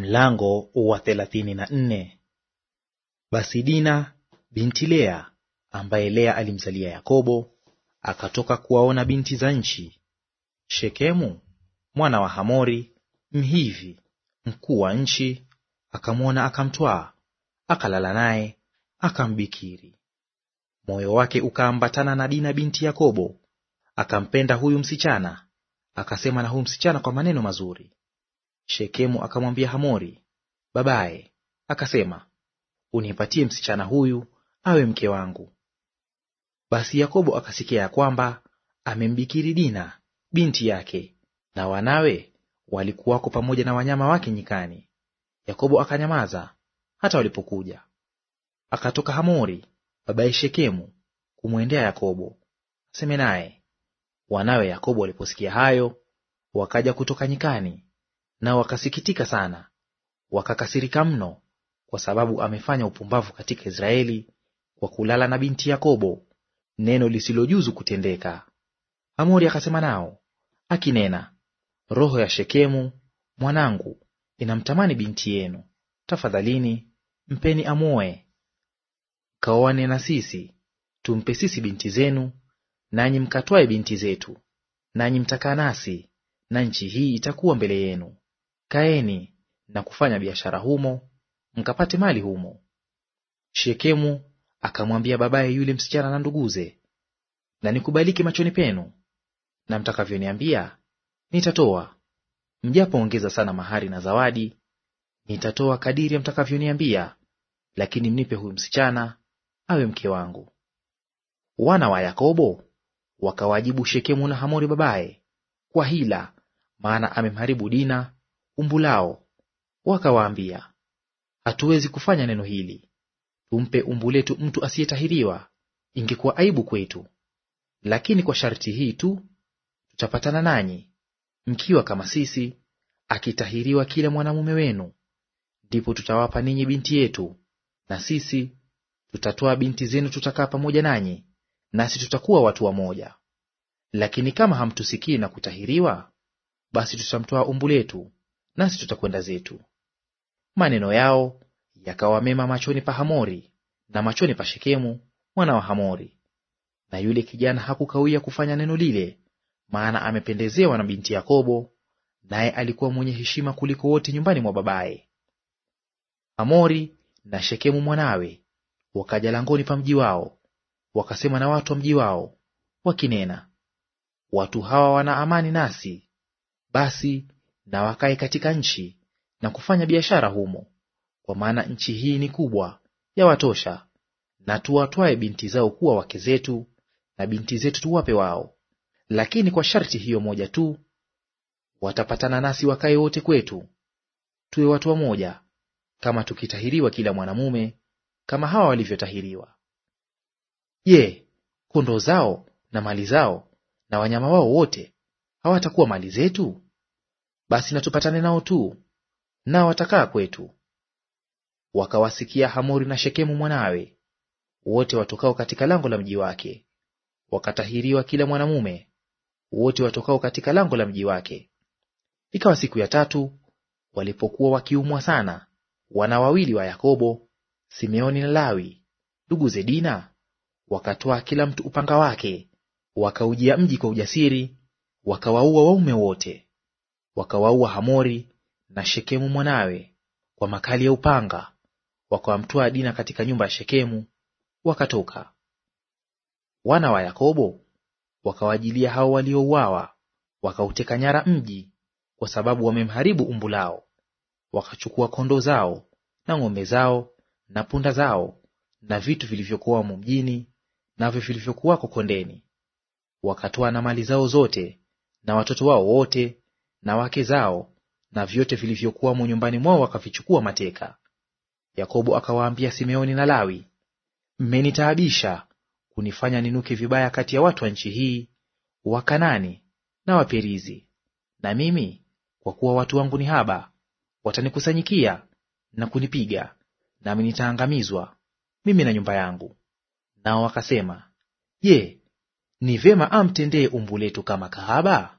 Mlango wa thelathini na nne. Basi Dina binti Lea ambaye Lea alimzalia Yakobo akatoka kuwaona binti za nchi. Shekemu mwana wa Hamori Mhivi mkuu wa nchi akamwona, akamtwaa, akalala naye, akambikiri. Moyo wake ukaambatana na Dina binti Yakobo, akampenda huyu msichana, akasema na huyu msichana kwa maneno mazuri. Shekemu akamwambia Hamori babaye, akasema, unipatie msichana huyu awe mke wangu. Basi Yakobo akasikia ya kwamba amembikiri Dina binti yake, na wanawe walikuwako pamoja na wanyama wake nyikani. Yakobo akanyamaza hata walipokuja. Akatoka Hamori babaye Shekemu kumwendea Yakobo aseme naye. Wanawe Yakobo waliposikia hayo, wakaja kutoka nyikani Nao wakasikitika sana, wakakasirika mno, kwa sababu amefanya upumbavu katika Israeli kwa kulala na binti Yakobo, neno lisilojuzu kutendeka. Hamori akasema nao akinena, roho ya Shekemu mwanangu inamtamani binti yenu, tafadhalini mpeni amwoe, kaoane na sisi, tumpe sisi binti zenu, nanyi mkatwae binti zetu, nanyi mtakaa nasi, na nchi hii itakuwa mbele yenu kaeni na kufanya biashara humo, mkapate mali humo. Shekemu akamwambia babaye yule msichana na nduguze, na nikubaliki machoni penu, na mtakavyoniambia nitatoa, mjapoongeza sana mahari na zawadi, nitatoa kadiri ya mtakavyoniambia, lakini mnipe huyu msichana awe mke wangu. Wana wa Yakobo wakawajibu Shekemu na Hamori babaye kwa hila, maana amemharibu Dina umbu lao. Wakawaambia, hatuwezi kufanya neno hili. Tumpe umbu letu mtu asiyetahiriwa, ingekuwa aibu kwetu. Lakini kwa sharti hii tu tutapatana nanyi, mkiwa kama sisi, akitahiriwa kila mwanamume wenu, ndipo tutawapa ninyi binti yetu, na sisi tutatoa binti zenu, tutakaa pamoja nanyi, nasi tutakuwa watu wamoja. Lakini kama hamtusikii na kutahiriwa, basi tutamtoa umbu letu nasi tutakwenda zetu. Maneno yao yakawa mema machoni pa Hamori na machoni pa Shekemu mwana wa Hamori, na yule kijana hakukawia kufanya neno lile, maana amependezewa na binti Yakobo, naye alikuwa mwenye heshima kuliko wote nyumbani mwa babaye. Hamori na Shekemu mwanawe wakaja langoni pa mji wao, wakasema na watu wa mji wao wakinena, watu hawa wana amani nasi, basi na wakae katika nchi na kufanya biashara humo, kwa maana nchi hii ni kubwa, ya watosha. Na tuwatwae binti zao kuwa wake zetu, na binti zetu tuwape wao. Lakini kwa sharti hiyo moja tu, watapatana nasi wakae wote kwetu, tuwe watu wamoja, kama tukitahiriwa kila mwanamume kama hawa walivyotahiriwa. Je, kondoo zao na mali zao na wanyama wao wote hawatakuwa mali zetu? basi na tupatane nao tu, nao watakaa kwetu. Wakawasikia Hamori na Shekemu mwanawe wote watokao katika lango la mji wake, wakatahiriwa kila mwanamume wote watokao katika lango la mji wake. Ikawa siku ya tatu walipokuwa wakiumwa sana, wana wawili wa Yakobo, Simeoni na Lawi ndugu zedina wakatoa kila mtu upanga wake, wakaujia mji kwa ujasiri, wakawaua waume wote. Wakawaua Hamori na Shekemu mwanawe kwa makali ya upanga, wakawamtwaa Dina katika nyumba ya Shekemu, wakatoka. Wana wa Yakobo wakawajilia hao waliouawa, wakauteka nyara mji, kwa sababu wamemharibu umbu lao. Wakachukua kondoo zao na ng'ombe zao na punda zao na vitu vilivyokuwamo mjini navyo vilivyokuwako kondeni, wakatoa na mali zao zote na watoto wao wote na wake zao na vyote vilivyokuwamo nyumbani mwao wakavichukua mateka. Yakobo akawaambia Simeoni na Lawi, mmenitaabisha kunifanya ninuke vibaya kati ya watu wa nchi hii, Wakanani na Waperizi, na mimi kwa kuwa watu wangu ni haba, watanikusanyikia na kunipiga, nami nitaangamizwa mimi na nyumba yangu. Nao wakasema, Je, ni vema amtendee umbu letu kama kahaba?